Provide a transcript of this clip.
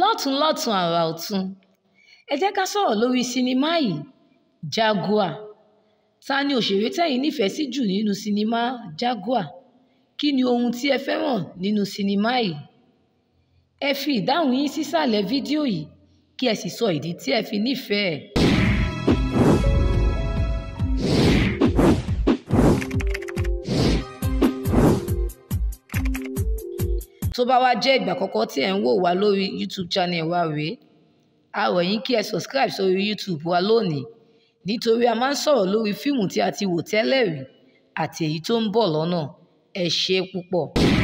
lọ́tún lọ́tún àrà ọ̀tún ẹ jẹ́ ká sọ̀rọ̀ lórí sinimá yìí Jaguar ta ni òṣèré tẹ̀yin nífẹ̀ẹ́ sí jù nínú sinimá Jaguar kí ni ohun tí ẹ fẹ́ràn nínú sinimá yìí ẹ fi ìdáhùn yín sísàlẹ̀ fídíò yìí kí ẹ sì sọ ìdí tí ẹ fi nífẹ̀ẹ́ tó bá wá jẹ́ ìgbà àkọ́kọ́ tí ẹ̀ ń wò wá lórí youtube channel wa rèé a rọ̀ yín kí ẹ subscribe sórí youtube wa lónìí nítorí a máa ń sọ̀rọ̀ lórí fíìmù tí a ti wò tẹ́lẹ̀ rí àti èyí tó ń bọ̀ lọ́nà ẹ ṣé púpọ̀.